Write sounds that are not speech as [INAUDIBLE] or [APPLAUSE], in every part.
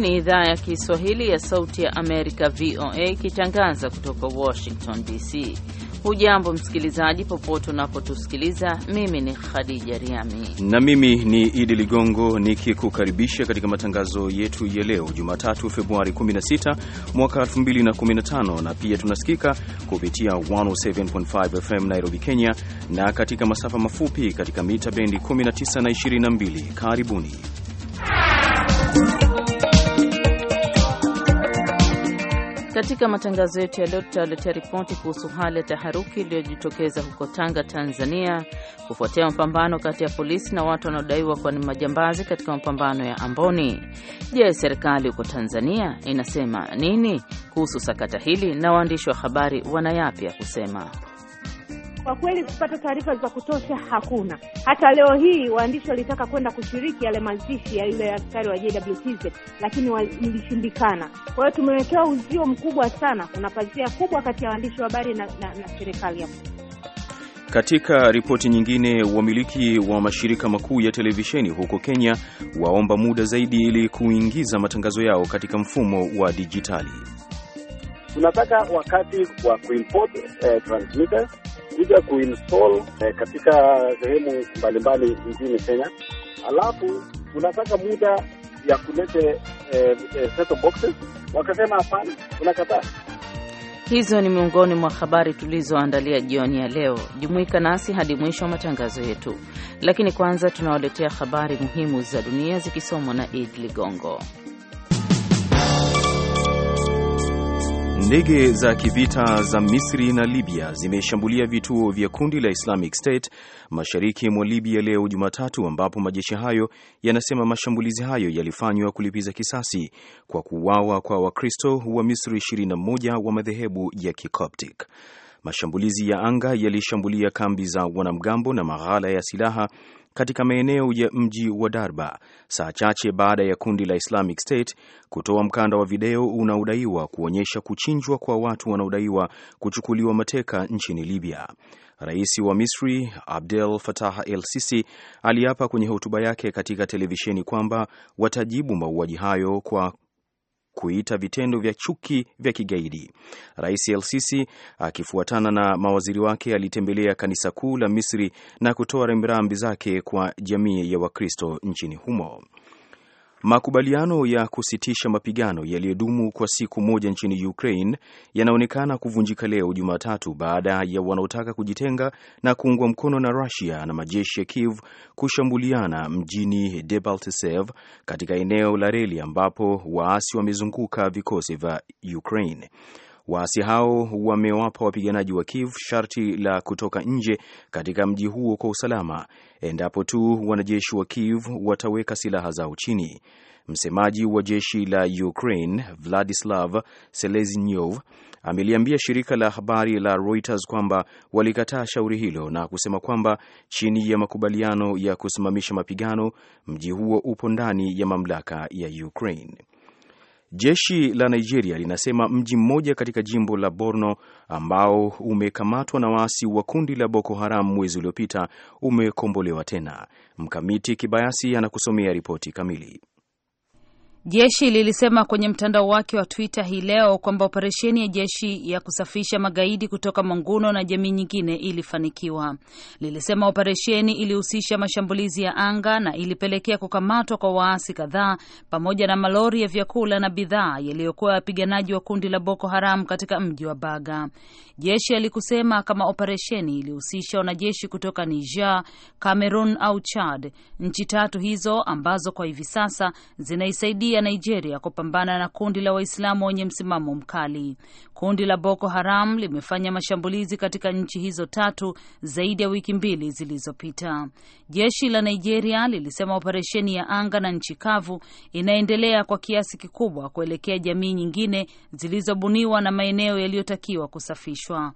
Hii ni idhaa ya Kiswahili ya Sauti ya Amerika, VOA, ikitangaza kutoka Washington DC. Hujambo msikilizaji, popote unapotusikiliza. Mimi ni Khadija Riami na mimi ni Idi Ligongo nikikukaribisha katika matangazo yetu ya leo Jumatatu, Februari 16 mwaka 2015, na pia tunasikika kupitia 107.5 FM Nairobi, Kenya, na katika masafa mafupi katika mita bendi 19 na 22. Karibuni Katika matangazo yetu ya leo tutawaletea ripoti kuhusu hali ya taharuki iliyojitokeza huko Tanga, Tanzania, kufuatia mapambano kati ya polisi na watu wanaodaiwa kuwa ni majambazi katika mapambano ya Amboni. Je, serikali huko Tanzania inasema nini kuhusu sakata hili na waandishi wa habari wana yapi ya kusema? Kwa kweli kupata taarifa za kutosha hakuna. Hata leo hii waandishi walitaka kwenda kushiriki yale mazishi ya yule askari wa JWTZ, lakini ilishindikana. Kwa hiyo tumewekewa uzio mkubwa sana, kuna pazia kubwa kati ya waandishi wa habari na, na, na serikali ya katika ripoti nyingine, wamiliki wa mashirika makuu ya televisheni huko Kenya waomba muda zaidi ili kuingiza matangazo yao katika mfumo wa dijitali. Tunataka wakati wa kuimport eh, transmitter kuja kuinstall eh, katika sehemu mbalimbali nchini Kenya, alafu unataka muda ya kulete eh, eh, set of boxes, wakasema hapana, unakataa. Hizo ni miongoni mwa habari tulizoandalia jioni ya leo. Jumuika nasi hadi mwisho wa matangazo yetu, lakini kwanza tunawaletea habari muhimu za dunia zikisomwa na Id Ligongo. Ndege za kivita za Misri na Libya zimeshambulia vituo vya kundi la Islamic State mashariki mwa Libya leo Jumatatu, ambapo majeshi hayo yanasema mashambulizi hayo yalifanywa kulipiza kisasi kwa kuuawa kwa Wakristo wa Misri 21 wa madhehebu ya Kikoptic. Mashambulizi ya anga yalishambulia kambi za wanamgambo na maghala ya silaha katika maeneo ya mji wa Darba saa chache baada ya kundi la Islamic State kutoa mkanda wa video unaodaiwa kuonyesha kuchinjwa kwa watu wanaodaiwa kuchukuliwa mateka nchini Libya. Rais wa Misri Abdel Fattah el-Sisi aliapa kwenye hotuba yake katika televisheni kwamba watajibu mauaji hayo kwa kuita vitendo vya chuki vya kigaidi. Rais El-Sisi akifuatana na mawaziri wake alitembelea kanisa kuu la Misri na kutoa rambirambi zake kwa jamii ya Wakristo nchini humo. Makubaliano ya kusitisha mapigano yaliyodumu kwa siku moja nchini Ukraine yanaonekana kuvunjika leo Jumatatu baada ya wanaotaka kujitenga na kuungwa mkono na Russia na majeshi ya Kiev kushambuliana mjini Debaltsev katika eneo la reli ambapo waasi wamezunguka vikosi vya Ukraine. Waasi hao wamewapa wapiganaji wa Kiev sharti la kutoka nje katika mji huo kwa usalama endapo tu wanajeshi wa Kiev wataweka silaha zao chini. Msemaji wa jeshi la Ukraine Vladislav Selesnyov ameliambia shirika la habari la Reuters kwamba walikataa shauri hilo na kusema kwamba chini ya makubaliano ya kusimamisha mapigano, mji huo upo ndani ya mamlaka ya Ukraine. Jeshi la Nigeria linasema mji mmoja katika jimbo la Borno ambao umekamatwa na waasi wa kundi la Boko Haram mwezi uliopita umekombolewa tena. Mkamiti Kibayasi anakusomea ripoti kamili. Jeshi lilisema kwenye mtandao wake wa Twitter hii leo kwamba operesheni ya jeshi ya kusafisha magaidi kutoka Manguno na jamii nyingine ilifanikiwa. Lilisema operesheni ilihusisha mashambulizi ya anga na ilipelekea kukamatwa kwa waasi kadhaa pamoja na malori ya vyakula na bidhaa yaliyokuwa wapiganaji wa kundi la Boko Haram katika mji wa Baga. Jeshi alikusema kama operesheni ilihusisha wanajeshi kutoka Niger, Cameroon au Chad, nchi tatu hizo ambazo kwa hivi sasa zinaisaidia Nigeria kupambana na kundi la Waislamu wenye msimamo mkali. Kundi la Boko Haram limefanya mashambulizi katika nchi hizo tatu zaidi ya wiki mbili zilizopita. Jeshi la Nigeria lilisema operesheni ya anga na nchi kavu inaendelea kwa kiasi kikubwa kuelekea jamii nyingine zilizobuniwa na maeneo yaliyotakiwa kusafishwa kuhamishwa.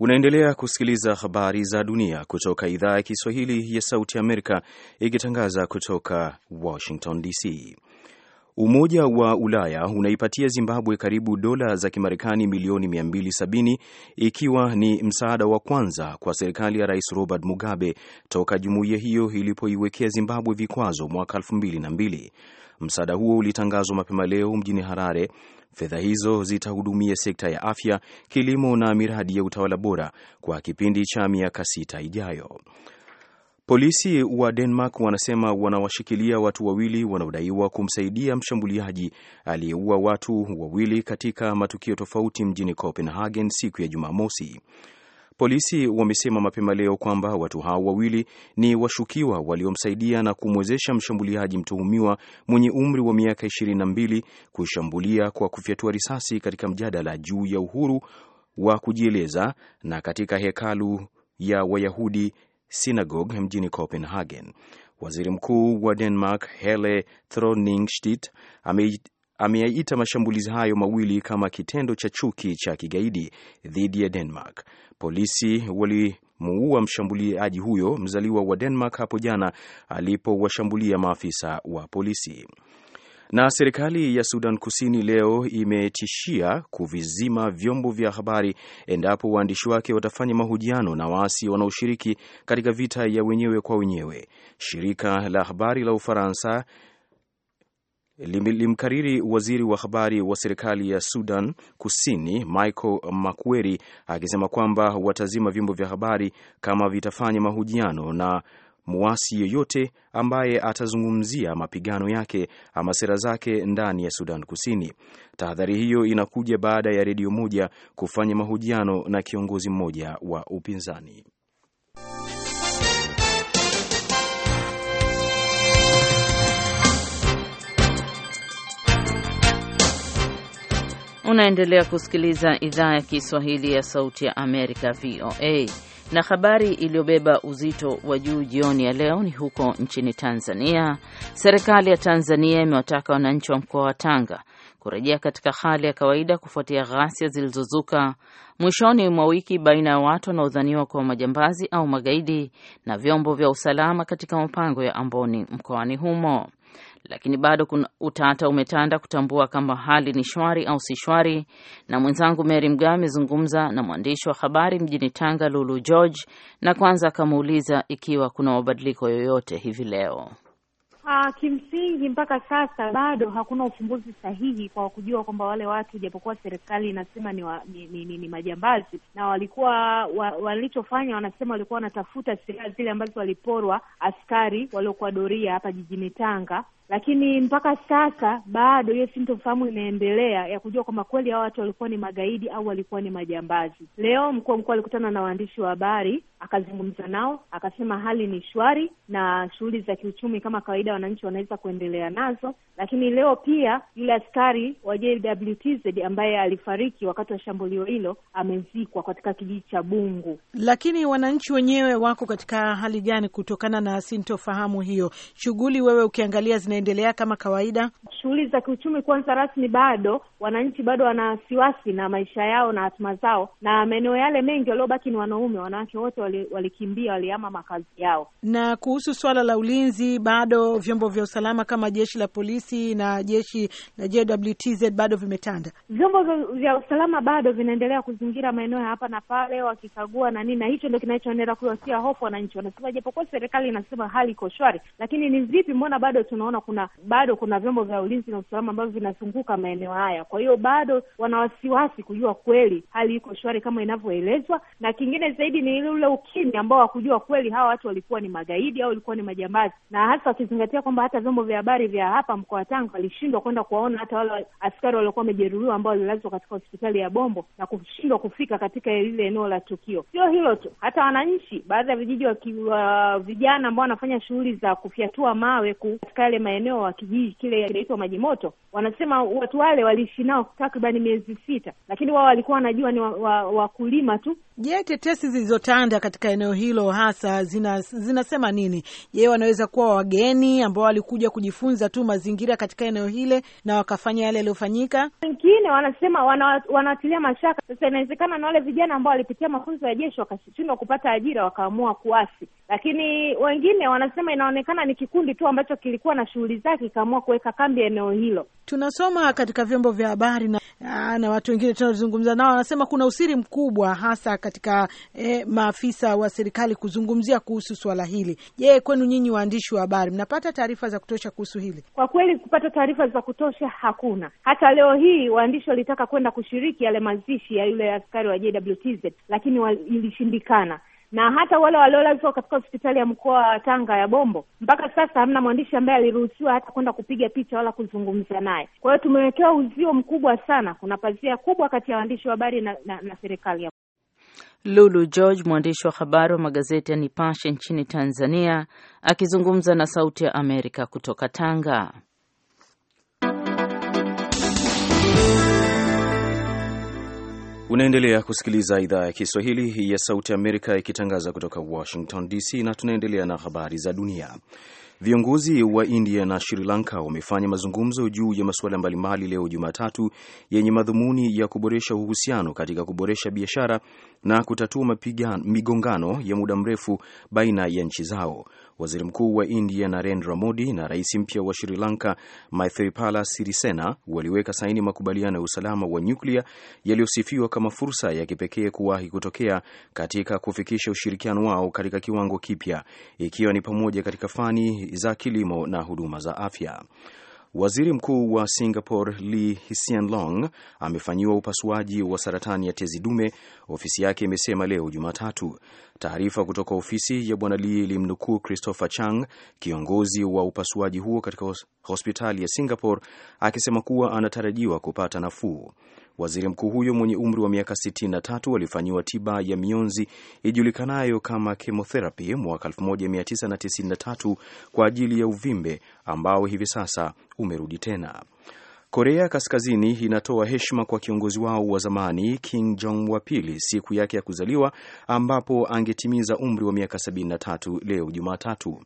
Unaendelea kusikiliza habari za dunia kutoka idhaa ya Kiswahili ya Sauti Amerika ikitangaza kutoka Washington DC. Umoja wa Ulaya unaipatia Zimbabwe karibu dola za Kimarekani milioni 270 ikiwa ni msaada wa kwanza kwa serikali ya Rais Robert Mugabe toka jumuiya hiyo ilipoiwekea Zimbabwe vikwazo mwaka 2002. Msaada huo ulitangazwa mapema leo mjini Harare Fedha hizo zitahudumia sekta ya afya, kilimo na miradi ya utawala bora kwa kipindi cha miaka sita ijayo. Polisi wa Denmark wanasema wanawashikilia watu wawili wanaodaiwa kumsaidia mshambuliaji aliyeua watu wawili katika matukio tofauti mjini Copenhagen siku ya Jumamosi. Polisi wamesema mapema leo kwamba watu hao wawili ni washukiwa waliomsaidia na kumwezesha mshambuliaji mtuhumiwa mwenye umri wa miaka 22 kushambulia kwa kufyatua risasi katika mjadala juu ya uhuru wa kujieleza na katika hekalu ya Wayahudi synagogue mjini Copenhagen. Waziri Mkuu wa Denmark Hele Thorning-Schmidt ameyaita mashambulizi hayo mawili kama kitendo cha chuki cha kigaidi dhidi ya Denmark. Polisi walimuua mshambuliaji huyo mzaliwa wa Denmark hapo jana alipowashambulia maafisa wa polisi. Na serikali ya Sudan Kusini leo imetishia kuvizima vyombo vya habari endapo waandishi wake watafanya mahojiano na waasi wanaoshiriki katika vita ya wenyewe kwa wenyewe. Shirika la habari la Ufaransa limkariri waziri wa habari wa serikali ya Sudan Kusini Michael Makweri akisema kwamba watazima vyombo vya habari kama vitafanya mahojiano na mwasi yeyote ambaye atazungumzia mapigano yake ama sera zake ndani ya Sudan Kusini. Tahadhari hiyo inakuja baada ya redio moja kufanya mahojiano na kiongozi mmoja wa upinzani. Unaendelea kusikiliza idhaa ya Kiswahili ya Sauti ya Amerika, VOA. Na habari iliyobeba uzito wa juu jioni ya leo ni huko nchini Tanzania. Serikali ya Tanzania imewataka wananchi wa mkoa wa Tanga kurejea katika hali ya kawaida kufuatia ghasia zilizozuka mwishoni mwa wiki baina ya watu wanaodhaniwa kuwa majambazi au magaidi na vyombo vya usalama katika mapango ya Amboni mkoani humo. Lakini bado kuna utata umetanda kutambua kama hali ni shwari au si shwari. Na mwenzangu Mary Mgawe amezungumza na mwandishi wa habari mjini Tanga, Lulu George, na kwanza akamuuliza ikiwa kuna mabadiliko yoyote hivi leo. Aa, ah, kimsingi mpaka sasa bado hakuna ufumbuzi sahihi kwa kujua kwamba wale watu japokuwa serikali inasema ni, wa, ni, ni, ni, ni majambazi na walikuwa wa, walichofanya wanasema walikuwa wanatafuta silaha zile ambazo waliporwa askari waliokuwa doria hapa jijini Tanga, lakini mpaka sasa bado hiyo sintofahamu inaendelea ya kujua kwamba kweli hao watu walikuwa ni magaidi au walikuwa ni majambazi. Leo mkuu wa mkoa alikutana na waandishi wa habari akazungumza nao, akasema hali ni shwari na shughuli za kiuchumi kama kawaida wananchi wanaweza kuendelea nazo. Lakini leo pia yule askari wa JWTZ ambaye alifariki wakati wa shambulio hilo amezikwa katika kijiji cha Bungu. Lakini wananchi wenyewe wako katika hali gani kutokana na sintofahamu hiyo? Shughuli wewe ukiangalia zinaendelea kama kawaida? Shughuli za kiuchumi kwanza rasmi bado, wananchi bado wana wasiwasi na maisha yao na hatima zao, na maeneo yale mengi waliobaki ni wanaume, wanawake wote walikimbia, walihama makazi yao. Na kuhusu swala la ulinzi, bado vyombo vya usalama kama jeshi la polisi na jeshi la JWTZ bado vimetanda, vyombo vya usalama bado vinaendelea kuzingira maeneo ya hapa na pale, wakikagua na nini, na hicho ndo kinachoendelea kuwatia hofu wananchi. Wanasema japokuwa serikali inasema hali iko shwari, lakini ni vipi, mbona bado tunaona kuna bado kuna vyombo vya ulinzi na usalama ambavyo vinazunguka maeneo haya. Kwa hiyo bado wana wasiwasi kujua kweli hali iko shwari kama inavyoelezwa, na kingine zaidi ni ule ukimi ambao hakujua kweli hawa watu walikuwa ni magaidi au walikuwa ni majambazi, na hasa wakizingatia kwamba hata vyombo vya habari vya hapa mkoa wa Tanga walishindwa kwenda kuwaona hata wale askari waliokuwa wamejeruhiwa ambao walilazwa katika hospitali ya Bombo na kushindwa kufika katika lile eneo la tukio. Sio hilo tu, hata wananchi, baadhi ya vijiji wakiwa vijana ambao wanafanya shughuli za kufyatua mawe katika yale maeneo wa kijiji kile kinaitwa Maji Moto, wanasema watu wale waliishi nao takribani miezi sita, lakini wao walikuwa wanajua ni wakulima wa, wa tu. Je, tetesi zilizotanda katika eneo hilo hasa zinasema zina nini? Je, wanaweza kuwa wageni ambao walikuja kujifunza tu mazingira katika eneo hile na wakafanya yale yaliyofanyika? Wengine wanasema wanawatilia mashaka. Sasa inawezekana na wale vijana ambao walipitia mafunzo ya jeshi wakashindwa kupata ajira wakaamua kuasi, lakini wengine wanasema inaonekana ni kikundi tu ambacho kilikuwa na shughuli zake ikaamua kuweka kambi ya eneo hilo. Tunasoma katika vyombo vya habari na, ah, na watu wengine tunazungumza nao wanasema kuna usiri mkubwa hasa katika eh, maafisa maafisa wa serikali kuzungumzia kuhusu swala hili. Je, kwenu nyinyi waandishi wa habari mnapata taarifa za kutosha kuhusu hili? Kwa kweli kupata taarifa za kutosha hakuna. Hata leo hii waandishi walitaka kwenda kushiriki yale mazishi ya yule askari wa JWTZ, lakini ilishindikana na hata wale waliolazwa katika hospitali ya mkoa wa Tanga ya Bombo, mpaka sasa hamna mwandishi ambaye aliruhusiwa hata kwenda kupiga picha wala kuzungumza naye. Kwa hiyo tumewekewa uzio mkubwa sana, kuna pazia kubwa kati ya waandishi wa habari na, na, na serikali. Lulu George, mwandishi wa habari wa magazeti ya Nipashe nchini Tanzania, akizungumza na Sauti ya Amerika kutoka Tanga. Unaendelea kusikiliza idhaa ya Kiswahili ya Sauti ya Amerika ikitangaza kutoka Washington DC, na tunaendelea na habari za dunia. Viongozi wa India na Sri Lanka wamefanya mazungumzo juu ya masuala mbalimbali leo Jumatatu yenye madhumuni ya kuboresha uhusiano katika kuboresha biashara na kutatua migongano ya muda mrefu baina ya nchi zao. Waziri Mkuu wa India Narendra Modi na rais mpya wa Sri Lanka Maithripala Sirisena waliweka saini makubaliano ya usalama wa nyuklia yaliyosifiwa kama fursa ya kipekee kuwahi kutokea katika kufikisha ushirikiano wao katika kiwango kipya, ikiwa ni pamoja katika fani za kilimo na huduma za afya. Waziri Mkuu wa Singapore Lee Hsien long amefanyiwa upasuaji wa saratani ya tezi dume, ofisi yake imesema leo Jumatatu. Taarifa kutoka ofisi ya bwana Lee ilimnukuu Christopher Chang, kiongozi wa upasuaji huo katika hospitali ya Singapore, akisema kuwa anatarajiwa kupata nafuu. Waziri mkuu huyo mwenye umri wa miaka 63 alifanyiwa tiba ya mionzi ijulikanayo kama chemotherapy mwaka 1993 kwa ajili ya uvimbe ambao hivi sasa umerudi tena. Korea Kaskazini inatoa heshima kwa kiongozi wao wa zamani Kim Jong wa pili siku yake ya kuzaliwa ambapo angetimiza umri wa miaka 73 leo Jumatatu.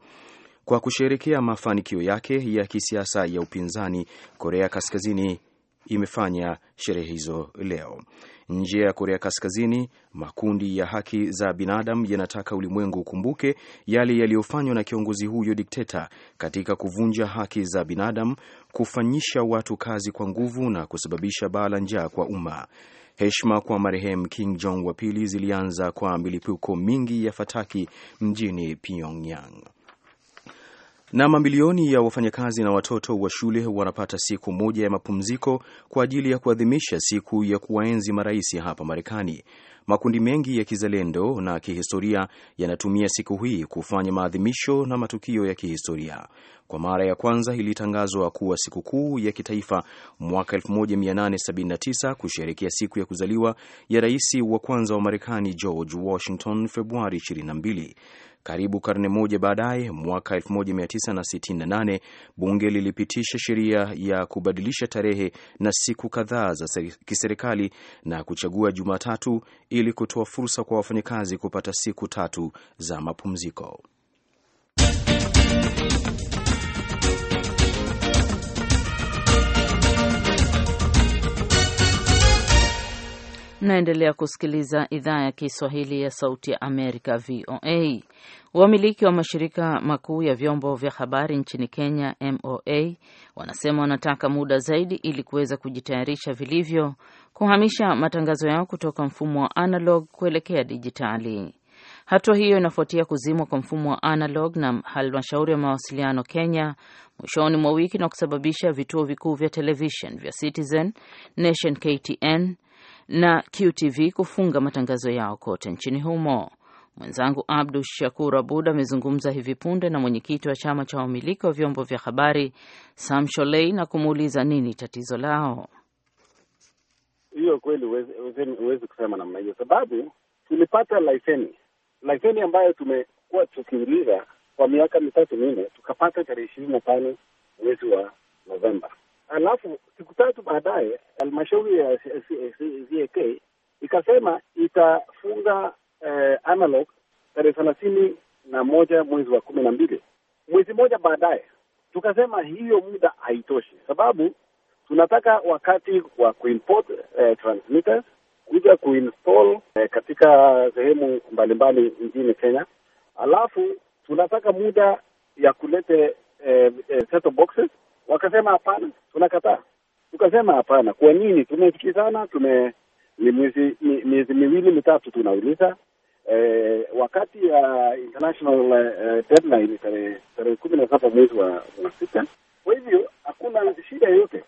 Kwa kusherekea mafanikio yake ya kisiasa ya upinzani, Korea Kaskazini imefanya sherehe hizo leo. Nje ya Korea Kaskazini, makundi ya haki za binadamu yanataka ulimwengu ukumbuke yale yaliyofanywa na kiongozi huyo dikteta katika kuvunja haki za binadamu, kufanyisha watu kazi kwa nguvu na kusababisha baa la njaa kwa umma. Heshima kwa marehemu King Jong wa pili zilianza kwa milipuko mingi ya fataki mjini Pyongyang. Na mamilioni ya wafanyakazi na watoto wa shule wanapata siku moja ya mapumziko kwa ajili ya kuadhimisha siku ya kuwaenzi marais hapa Marekani. Makundi mengi ya kizalendo na kihistoria yanatumia siku hii kufanya maadhimisho na matukio ya kihistoria. Kwa mara ya kwanza ilitangazwa kuwa sikukuu ya kitaifa mwaka 1879 kusherekea siku ya kuzaliwa ya rais wa kwanza wa Marekani George Washington, Februari 22. Karibu karne moja baadaye, mwaka 1968 bunge lilipitisha sheria ya kubadilisha tarehe na siku kadhaa za kiserikali na kuchagua Jumatatu ili kutoa fursa kwa wafanyakazi kupata siku tatu za mapumziko. Mnaendelea kusikiliza idhaa ya Kiswahili ya Sauti ya Amerika, VOA. Wamiliki wa mashirika makuu ya vyombo vya habari nchini Kenya, MOA, wanasema wanataka muda zaidi ili kuweza kujitayarisha vilivyo kuhamisha matangazo yao kutoka mfumo wa analog kuelekea dijitali. Hatua hiyo inafuatia kuzimwa kwa mfumo wa analog na halmashauri ya mawasiliano Kenya mwishoni mwa wiki na kusababisha vituo vikuu vya televishen vya Citizen, Nation, KTN, na QTV kufunga matangazo yao kote nchini humo. Mwenzangu Abdu Shakur Abud amezungumza hivi punde na mwenyekiti wa chama cha wamiliki wa vyombo vya habari Sam Sholei na kumuuliza nini tatizo lao. Hiyo kweli huwezi kusema namna hiyo, sababu tulipata leseni, leseni ambayo tumekuwa tukiuliza kwa miaka mitatu minne, tukapata tarehe ishirini na tano mwezi wa Novemba. Alafu siku tatu baadaye halmashauri ya CAK ikasema itafunga eh, analog tarehe thelathini na moja mwezi wa kumi na mbili. Mwezi mmoja baadaye tukasema hiyo muda haitoshi, sababu tunataka wakati wa kuimport eh, transmitters kuja kuinstall eh, katika sehemu mbalimbali nchini Kenya, alafu tunataka muda ya kulete eh, eh, set boxes wakasema hapana, tunakataa. Tukasema hapana, kwa nini? Tumesikizana, tume ni miezi miezi miwili mitatu tunauliza eh, wakati ya uh, international uh, deadline tarehe kumi na saba mwezi wa sita. Kwa hivyo hakuna shida yoyote,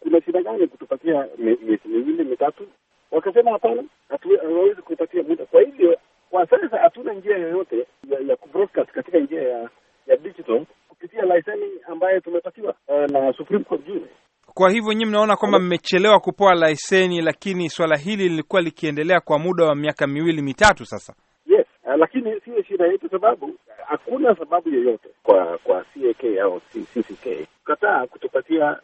kuna shida gani kutupatia miezi miwili mitatu? Wakasema hapana, hatuwezi kupatia muda. Kwa hivyo kwa sasa hatuna njia yoyote ya, ya kubroadcast katika njia ya ya digital kupitia leseni ambayo tumepatiwa eh, na Supreme Court juzi. Kwa hivyo nyinyi mnaona kwamba mmechelewa kupoa leseni, lakini swala hili lilikuwa likiendelea kwa muda wa miaka miwili mitatu sasa. Yes, eh, lakini sio shida yetu, sababu eh, hakuna sababu yoyote kwa kwa CAK au CCK kataa kutupatia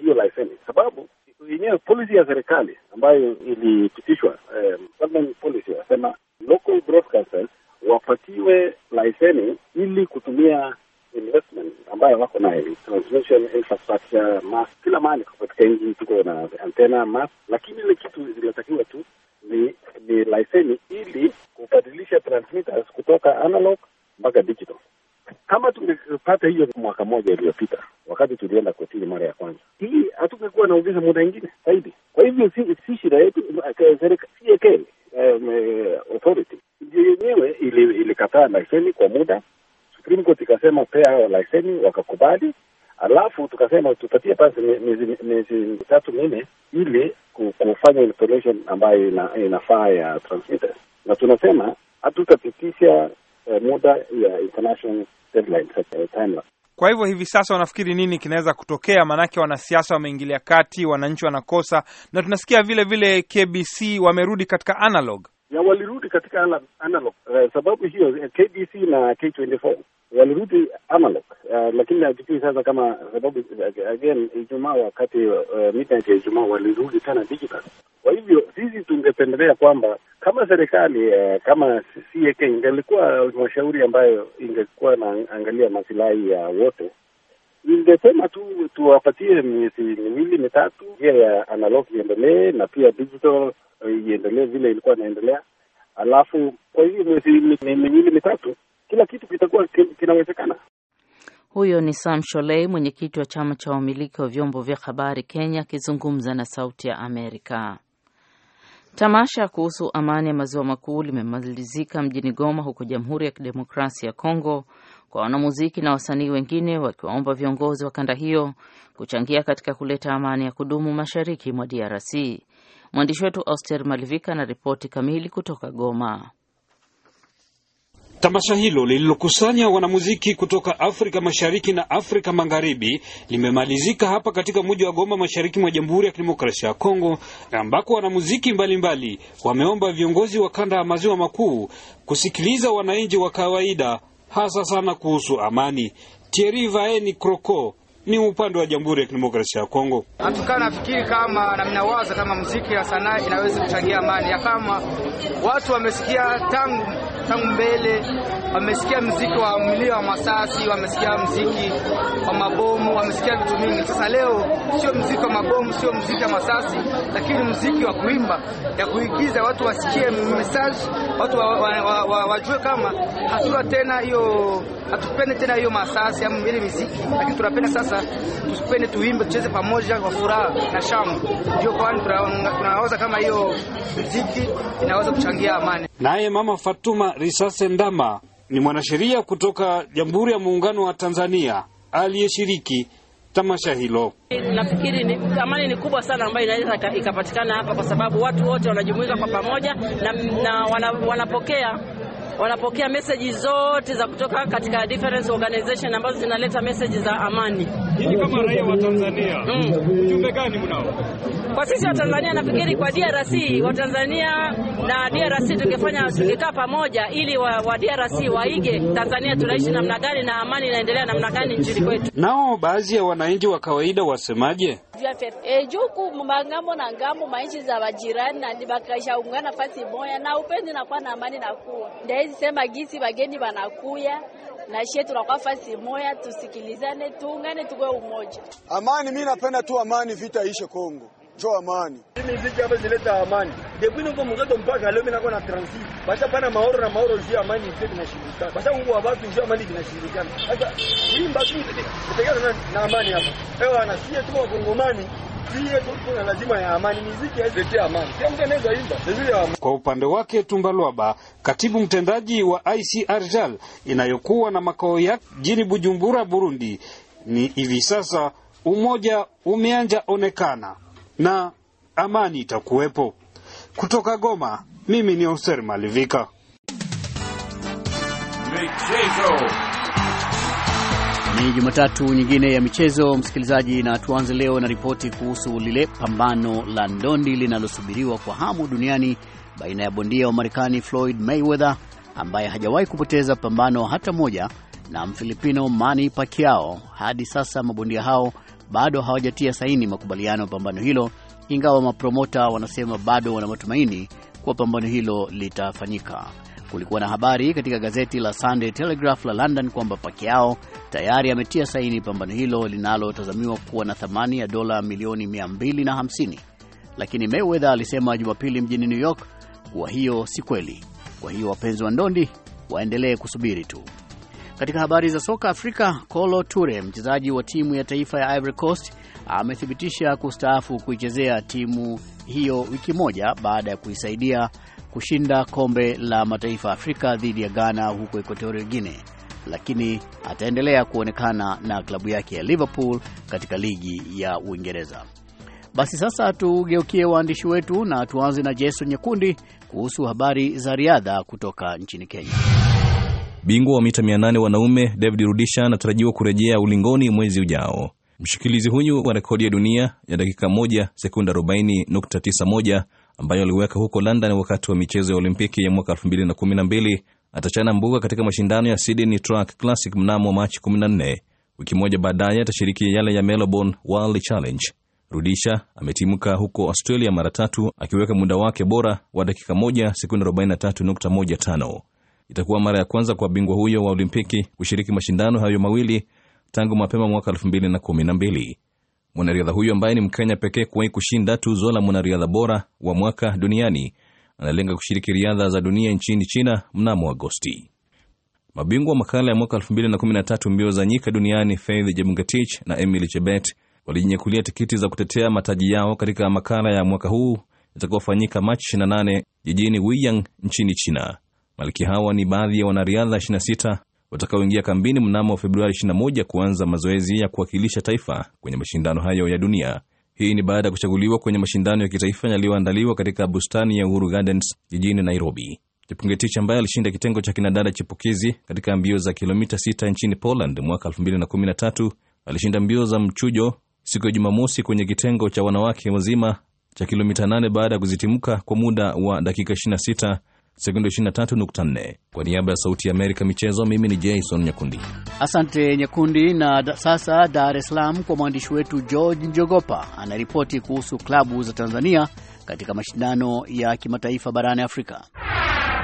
hiyo leseni, sababu yenyewe policy ya serikali ambayo ilipitishwa, um, government policy, wasema local broadcasters wapatiwe leseni ili kutumia investment ambayo wako nayo transmission infrastructure mass, kila mahali katika nchi tuko na antena mass, lakini ile kitu zinatakiwa tu ni ni leseni ili kubadilisha transmitters kutoka analog mpaka digital. Kama tungepata hiyo mwaka mmoja iliyopita, wakati tulienda kotini mara ya kwanza hii, hatungekuwa naongeza muda ingine zaidi. Kwa hivyo si, si shida yetu CAK um, authority ndio yenyewe ilikataa leseni kwa muda Supreme Court ikasema pea leseni, wakakubali. Alafu tukasema tupatie basi miezi mitatu minne ili kufanya installation ambayo ina, inafaa ya transmitter, na tunasema hatutatitisha eh, muda ya international deadline timeline. Kwa hivyo hivi sasa wanafikiri nini kinaweza kutokea? Maanake wanasiasa wameingilia kati, wananchi wanakosa, na tunasikia vile vile KBC wamerudi katika analog ya walirudi katika analog. Uh, sababu hiyo eh, KBC na K24 walirudi analog uh, lakini hatujui sasa kama sababu again Ijumaa wakati uh, midnight ya Ijumaa walirudi tena digital. Kwa hivyo sisi tungependelea kwamba kama serikali uh, kama CAK ingelikuwa mashauri ambayo ingekuwa naangalia masilahi ya wote ingesema tu tuwapatie miezi miwili mitatu, njia ya analog iendelee na pia digital uh, iendelee vile ilikuwa inaendelea, alafu kwa hiyo miezi miwili mitatu kila kitu kitakuwa kinawezekana. Huyo ni Sam Sholei, mwenyekiti wa chama cha wamiliki wa vyombo vya habari Kenya, akizungumza na Sauti ya Amerika. Tamasha kuhusu amani ya maziwa makuu limemalizika mjini Goma, huko Jamhuri ya Kidemokrasia ya Kongo, kwa wanamuziki na wasanii wengine wakiwaomba viongozi wa kanda hiyo kuchangia katika kuleta amani ya kudumu mashariki mwa DRC. Mwandishi wetu Auster Malivika ana ripoti kamili kutoka Goma. Tamasha hilo lililokusanya wanamuziki kutoka Afrika Mashariki na Afrika Magharibi limemalizika hapa katika mji wa Goma, mashariki mwa Jamhuri ya Kidemokrasia ya Kongo, ambako wanamuziki mbalimbali wameomba viongozi wa kanda ya maziwa makuu kusikiliza wananchi wa kawaida, hasa sana kuhusu amani. Thierry Vaeni croco ni upande wa Jamhuri ya Kidemokrasia ya Kongo. Hatukaa nafikiri kama na minawaza kama muziki ya sanaa inaweza kuchangia amani, ya kama watu wamesikia tangu Tang Bele, wamesikia mziki wa mlio wa masasi, wamesikia mziki wa mabomu, wamesikia vitu mingi. Sasa leo sio mziki wa mabomu, sio mziki wa masasi, lakini mziki wa kuimba ya kuigiza, watu wasikie message, watu wa, wa, wa, wa, wajue kama hatuna tena hiyo, hatupende tena hiyo masasi ama ile miziki, lakini tunapenda sasa, tusipende, tuimbe, tucheze pamoja kwa furaha na shamu. ndio kwani tunaoza kama hiyo mziki inaweza kuchangia amani. Naye mama Fatuma Risase Ndama ni mwanasheria kutoka Jamhuri ya Muungano wa Tanzania aliyeshiriki tamasha hilo. Nafikiri ni amani ni kubwa sana ambayo inaweza ikapatikana hapa, kwa sababu watu wote wanajumuika kwa pamoja na, na wanapokea wanapokea meseji zote za kutoka katika different organization ambazo zinaleta message za amani. Hili kama raia wa Tanzania, mm. ujumbe mm, gani mnao? Kwa sisi wa Tanzania nafikiri kwa DRC wa Tanzania na DRC tungefanya tungekaa pamoja ili wa, wa DRC waige Tanzania tunaishi namna gani na amani inaendelea namna gani nchini kwetu. Nao baadhi ya wananchi wa kawaida wasemaje? Ejuku eh, mangambo na ngamo maishi za wajirani na ndibakaisha ungana fasi moya na upendi na kwa na amani na kuwa. Ndio sema gisi wageni wanakuya na shie tunakuwa fasi moya, tusikilizane, tuungane, tuwe umoja. Amani, mimi napenda tu amani, vita ishe Kongo amani. Hii miziki hapa zileta amani. Depuis niko mpaka leo mimi nako na transit. Basha pana maoro na maoro juu amani ndio Basha watu juu amani Sasa na amani hapa. Ewa sie wakongomani. Kwa upande wake Tumbalwaba, katibu mtendaji wa ICRJAL inayokuwa na makao yake jini Bujumbura, Burundi, ni hivi sasa umoja umeanja onekana na amani itakuwepo. Kutoka Goma, mimi ni Oser Malivika. Michezo. Ni Jumatatu nyingine ya michezo, msikilizaji, na tuanze leo na ripoti kuhusu lile pambano la ndondi linalosubiriwa kwa hamu duniani baina ya bondia wa Marekani Floyd Mayweather ambaye hajawahi kupoteza pambano hata moja na Mfilipino Manny Pacquiao. Hadi sasa mabondia hao bado hawajatia saini makubaliano ya pambano hilo, ingawa mapromota wanasema bado wana matumaini kuwa pambano hilo litafanyika. Kulikuwa na habari katika gazeti la Sunday Telegraph la London kwamba yao tayari ametia saini pambano hilo linalotazamiwa kuwa na thamani ya dola milioni 250, lakini Mayweather alisema Jumapili mjini New York kuwa hiyo si kweli. Kwa hiyo wapenzi wa ndondi waendelee kusubiri tu. Katika habari za soka Afrika, Kolo Ture, mchezaji wa timu ya taifa ya Ivory Coast, amethibitisha kustaafu kuichezea timu hiyo wiki moja baada ya kuisaidia kushinda kombe la mataifa Afrika dhidi ya Ghana huko Equatorial Guinea, lakini ataendelea kuonekana na klabu yake ya Liverpool katika ligi ya Uingereza. Basi sasa tugeukie waandishi wetu na tuanze na Jason Nyekundi kuhusu habari za riadha kutoka nchini Kenya. Bingwa wa mita 800 wanaume David Rudisha anatarajiwa kurejea ulingoni mwezi ujao. Mshikilizi huyu wa rekodi ya dunia ya dakika 1 sekunda 40.91 ambayo aliweka huko London wakati wa michezo ya Olimpiki ya mwaka 2012 atachana mbuga katika mashindano ya Sydney Track Classic mnamo Machi 14. Wiki moja baadaye atashiriki yale ya Melbourne World Challenge. Rudisha ametimka huko Australia mara tatu akiweka muda wake bora wa dakika 1 sekunde 43.15. Itakuwa mara ya kwanza kwa bingwa huyo wa Olimpiki kushiriki mashindano hayo mawili tangu mapema mwaka 2012. Mwanariadha huyo ambaye ni Mkenya pekee kuwahi kushinda tuzo la mwanariadha bora wa mwaka duniani analenga kushiriki riadha za dunia nchini China mnamo Agosti. Mabingwa makala ya mwaka 2013 mbio za nyika duniani Faith jemgatich na Emily Chebet walijinyakulia tikiti za kutetea mataji yao katika makala ya mwaka huu itakaofanyika Machi 28 jijini Wiyang nchini China. Malkia hawa ni baadhi ya wanariadha 26 watakaoingia kambini mnamo Februari 21 kuanza mazoezi ya kuwakilisha taifa kwenye mashindano hayo ya dunia. Hii ni baada ya kuchaguliwa kwenye mashindano ya kitaifa yaliyoandaliwa katika bustani ya Uhuru Gardens jijini Nairobi. Chepngetich ambaye alishinda kitengo cha kinadada chipukizi katika mbio za kilomita 6 nchini Poland mwaka 2013 alishinda mbio za mchujo siku ya Jumamosi kwenye kitengo cha wanawake wazima cha kilomita 8 baada ya kuzitimka kwa muda wa dakika 26 sekunde 23.4. Kwa niaba ya Sauti ya Amerika michezo, mimi ni Jason Nyakundi. Asante Nyakundi. Na sasa Dar es Salaam kwa mwandishi wetu George Njogopa anaripoti kuhusu klabu za Tanzania katika mashindano ya kimataifa barani Afrika.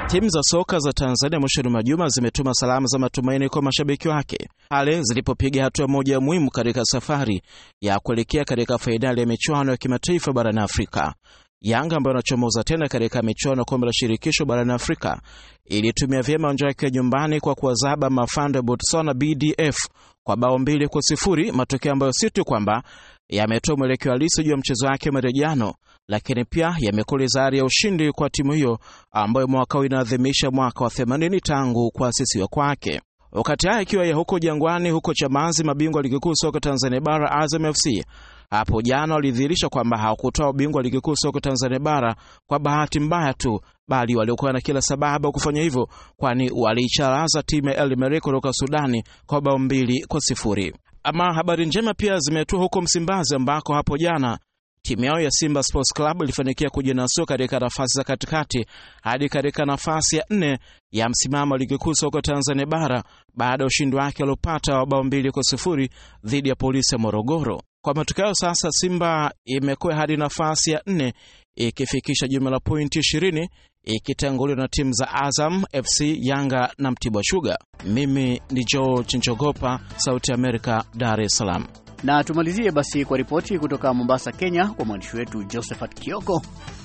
Timu za soka za Tanzania mwishoni mwa juma zimetuma salamu za matumaini kwa mashabiki wake pale zilipopiga hatua moja muhimu katika safari ya kuelekea katika fainali ya michuano ya kimataifa barani Afrika. Yanga ambayo anachomoza tena katika michuano kombe la shirikisho barani Afrika ilitumia vyema uwanja wake nyumbani kwa kuwazaba mafando ya Botswana BDF kwa bao mbili kwa sifuri, matokeo ambayo si tu kwamba yametoa mwelekeo halisi juu ya mchezo wake marejano, lakini pia yamekuwa ari ya ushindi kwa timu hiyo ambayo mwaka huu inaadhimisha mwaka wa 80 tangu kuasisiwa kwake. Wakati haya ikiwa ya huko Jangwani, huko Chamazi, mabingwa ligi kuu soka Tanzania Bara, Azam FC hapo jana walidhihirisha kwamba hawakutoa ubingwa ligi kuu soka Tanzania bara kwa bahati mbaya tu, bali waliokuwa na kila sababu kufanya hivyo, kwani waliicharaza timu ya El kutoka Sudani kwa bao mbili kwa sifuri. Ama habari njema pia zimetua huko Msimbazi ambako hapo jana timu yao ya Simba Sports Club ilifanikiwa kujinasua katika nafasi za katikati hadi katika nafasi ya nne ya msimamo wa ligi kuu soka Tanzania bara baada ya ushindi wake aliopata wa bao mbili kwa sifuri dhidi ya polisi ya Morogoro. Kwa matokeo sasa, Simba imekuwa hadi nafasi ya nne ikifikisha jumla la pointi ishirini ikitanguliwa na timu za Azam FC, Yanga na Mtibwa shuga Mimi ni George Njogopa, Sauti america Amerika, Dar es Salaam. Na tumalizie basi kwa ripoti kutoka Mombasa, Kenya, kwa mwandishi wetu Josephat Kioko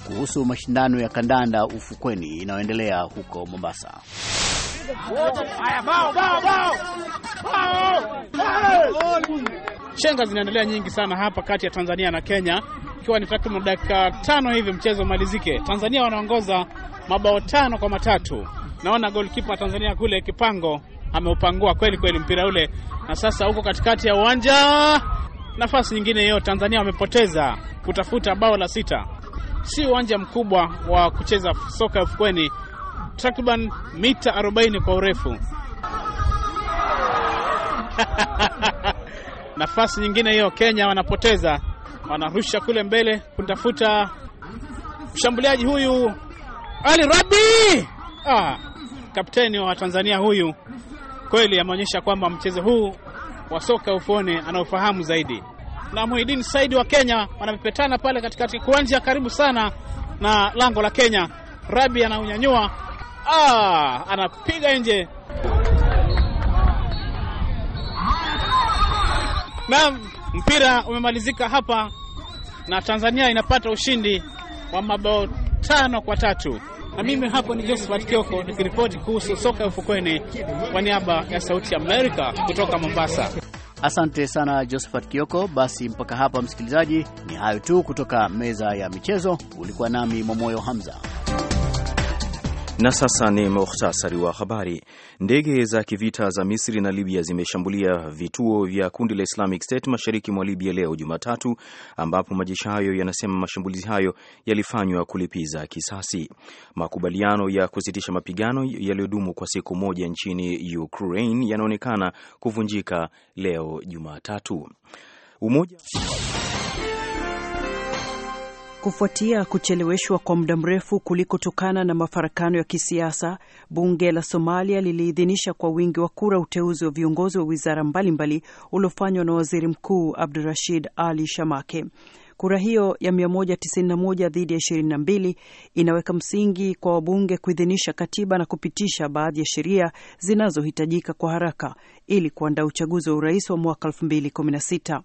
kuhusu mashindano ya kandanda ufukweni inayoendelea huko Mombasa shenga zinaendelea nyingi sana hapa kati ya Tanzania na Kenya, ikiwa ni takriban dakika tano hivi mchezo umalizike. Tanzania wanaongoza mabao tano kwa matatu. Naona golkipa Tanzania kule Kipango ameupangua kweli kweli mpira ule, na sasa huko katikati ya uwanja, nafasi nyingine hiyo Tanzania wamepoteza kutafuta bao la sita. Si uwanja mkubwa wa kucheza soka ufukweni, takriban mita 40 kwa urefu. [LAUGHS] Nafasi nyingine hiyo Kenya wanapoteza, wanarusha kule mbele kutafuta mshambuliaji huyu Ali Rabi. Ah, kapteni wa Tanzania huyu kweli ameonyesha kwamba mchezo huu wa soka ufuoni anaofahamu zaidi. Na Muhidin Saidi wa Kenya wanapepetana pale katikati, kiwanja karibu sana na lango la Kenya. Rabi anaunyanyua Ah, anapiga nje. Naam, mpira umemalizika hapa na Tanzania inapata ushindi wa mabao tano kwa tatu. Na mimi hapo ni Josephat Kioko nikiripoti kuhusu soka ya ufukweni kwa niaba ya Sauti ya Amerika kutoka Mombasa. Asante sana Josephat Kioko. Basi mpaka hapa msikilizaji, ni hayo tu kutoka meza ya michezo. Ulikuwa nami Momoyo Hamza. Na sasa ni muhtasari wa habari. Ndege za kivita za Misri na Libya zimeshambulia vituo vya kundi la Islamic State mashariki mwa Libya leo Jumatatu, ambapo majeshi hayo yanasema mashambulizi hayo yalifanywa kulipiza kisasi. Makubaliano ya kusitisha mapigano yaliyodumu kwa siku moja nchini Ukraine yanaonekana kuvunjika leo Jumatatu. Umoja Kufuatia kucheleweshwa kwa muda mrefu kulikotokana na mafarakano ya kisiasa, bunge la Somalia liliidhinisha kwa wingi wa kura uteuzi wa viongozi wa wizara mbalimbali uliofanywa na waziri mkuu Abdurashid Ali Shamake. Kura hiyo ya 191 dhidi ya 22 inaweka msingi kwa wabunge kuidhinisha katiba na kupitisha baadhi ya sheria zinazohitajika kwa haraka ili kuandaa uchaguzi wa urais wa mwaka 2016.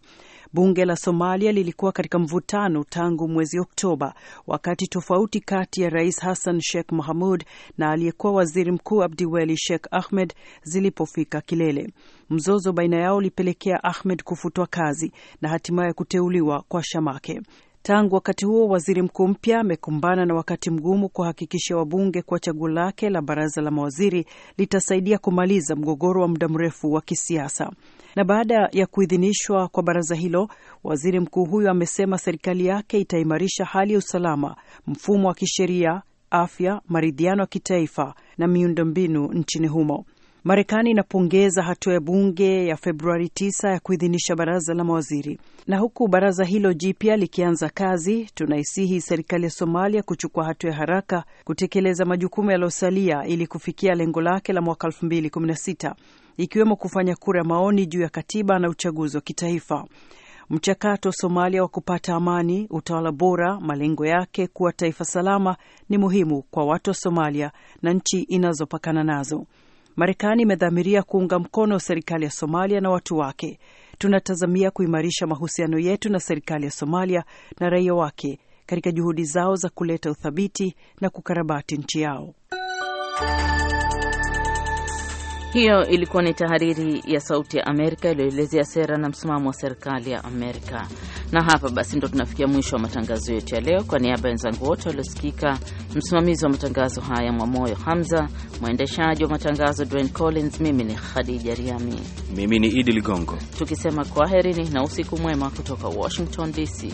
Bunge la Somalia lilikuwa katika mvutano tangu mwezi Oktoba, wakati tofauti kati ya Rais Hassan Sheikh Mohamud na aliyekuwa waziri mkuu Abdiweli Sheikh Ahmed zilipofika kilele. Mzozo baina yao ulipelekea Ahmed kufutwa kazi na hatimaye kuteuliwa kwa Shamake. Tangu wakati huo waziri mkuu mpya amekumbana na wakati mgumu kuhakikisha wabunge kwa chaguo lake la baraza la mawaziri litasaidia kumaliza mgogoro wa muda mrefu wa kisiasa. Na baada ya kuidhinishwa kwa baraza hilo, waziri mkuu huyo amesema serikali yake itaimarisha hali ya usalama, mfumo wa kisheria, afya, maridhiano ya kitaifa na miundombinu nchini humo. Marekani inapongeza hatua ya bunge ya Februari 9 ya kuidhinisha baraza la mawaziri, na huku baraza hilo jipya likianza kazi, tunaisihi serikali ya Somalia kuchukua hatua ya haraka kutekeleza majukumu yaliyosalia ili kufikia lengo lake la mwaka 2016 ikiwemo kufanya kura ya maoni juu ya katiba na uchaguzi wa kitaifa. Mchakato wa Somalia wa kupata amani, utawala bora, malengo yake kuwa taifa salama ni muhimu kwa watu wa Somalia na nchi inazopakana nazo. Marekani imedhamiria kuunga mkono serikali ya Somalia na watu wake. Tunatazamia kuimarisha mahusiano yetu na serikali ya Somalia na raia wake katika juhudi zao za kuleta uthabiti na kukarabati nchi yao. Hiyo ilikuwa ni tahariri ya Sauti ya Amerika iliyoelezea sera na msimamo wa serikali ya Amerika. Na hapa basi ndo tunafikia mwisho wa matangazo yetu ya leo. Kwa niaba ya wenzangu wote waliosikika, msimamizi wa matangazo haya Mwamoyo Hamza, mwendeshaji wa matangazo Dwayne Collins, mimi ni Khadija Riami, mimi ni Idi Ligongo, tukisema kwaherini na usiku mwema kutoka Washington DC.